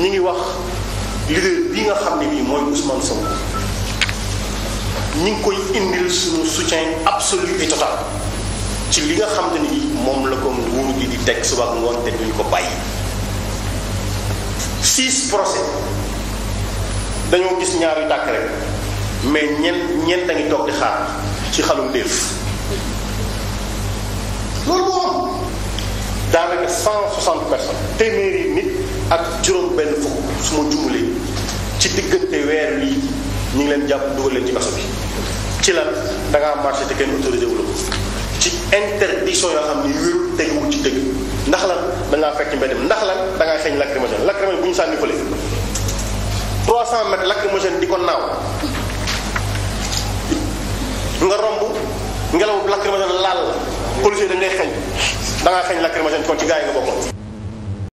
ñu ngi wax leader bi nga xam ne bii mooy Ousmane Sonko ñu ngi koy indil suñu soutien absolu et ci li nga xam ne ni moom la ko nguur gi di teg suba ngoon te duñu ko bàyyi. six procès dañoo gis ñaari yu tàkk rek mais ñent ñeent a ngi toog di xaar ci xalum déef loolu moom daanaka cent soixante personnes téeméeri nit. ak juróom benn fukk su ma jumulee ci diggante weer wi ñu ngi leen jàpp dugal leen ci kaso bi ci lan danga ngaa marché te kenn autorisé wu la ko ci interdiction yoo xam ne wéru teguwul ci dëgg ndax lan dañ laa fekk mbedd mi ndax la da ngaa xeeñ lakk lacrymogène bu ñu sànni fële 300 mètres lacrymogène di ko naaw nga romb ngelaw lacrymogène laal la policier dañ lay xeeñ da ngaa xeeñ lacrymogène kon ci gars yi nga bokkoon